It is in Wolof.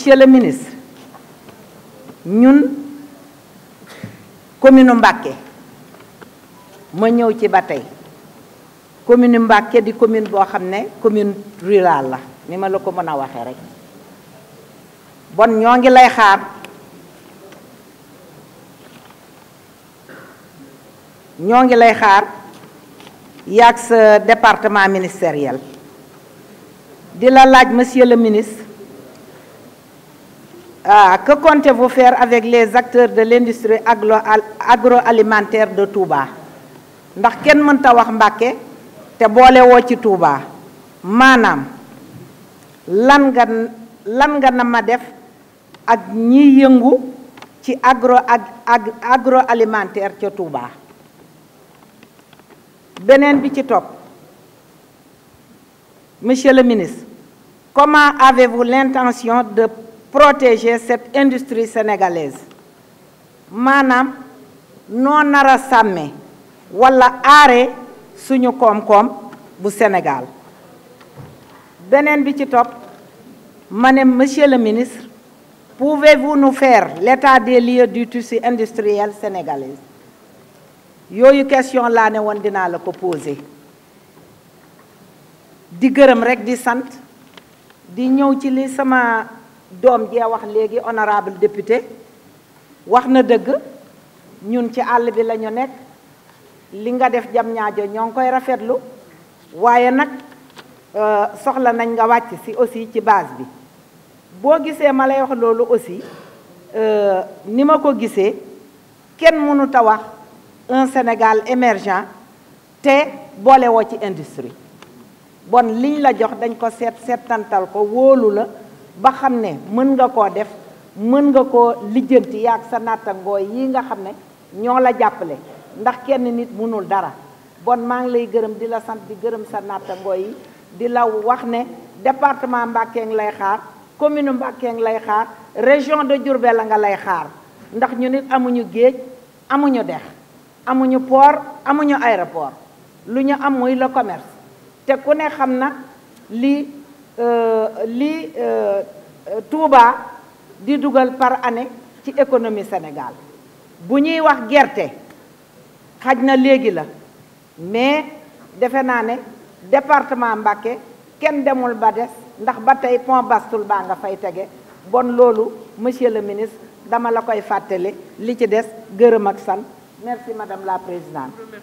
monsieur le ministre nous commune Mbacké ma ci bataille. commune Mbacké di commune bo commune rurale la en bon département ministériel De la laaj monsieur le ministre ah, que comptez-vous faire avec les acteurs de l'industrie agroalimentaire de Touba ndax mën ta wax mbacké té bolé wo ci Touba Manam lan nga lan nga na ma def ak ñi yëngu ci agro agroalimentaire ci Touba Benen bi ci top. monsieur le ministre comment avez-vous l'intention de protéger cette industrie sénégalaise Manam nous nara samé, wala walla aare suñu fait Sénégal Je bi ci monsieur le ministre pouvez-vous nous faire l'état des lieux du tissu industriel sénégalais Il question a une question dinaa la ko poser di gërëm di sant di ci sama doom jee wax léegi honorable député wax na dëgg ñun ci àll bi lañu ñu nekk li nga def jam ñaajo ñoo ngi koy rafetlu waaye nag euh, soxla nañ nga wàcc si aussi ci base bi boo gisee ma lay wax loolu aussi euh, ni ma ko gisee kenn mënut a wax un Sénégal émergent te boole woo ci industrie bon liñ la jox dañ ko seet seetantal ko wóolu la ba xam ne mën nga koo def mën nga koo lijjanti yaag sa nattangoo yi nga xam ne ñoo la jàppale ndax kenn nit mënul dara bon maa ngi lay gërëm di la sant di gërëm sa nattangoo yi di la wax ne département Mbacké lay xaar commune Mbacké lay xaar région de Diourbel la nga lay xaar ndax ñu nit amuñu géej amuñu dex amuñu port amuñu aéroport lu ñu am muy le commerce te ku ne xam na lii Euh, li euh, Touba di dougal par année ci économie Sénégal bu ñuy wax guerte xajna na la mais defe naa département Mbacké kenn demul ba dess ndax batay pont Bastul ba nga fay tege bon loolu monsieur le ministre dama la koy fàttali li ci dess gërëm ak sant merci madame la présidente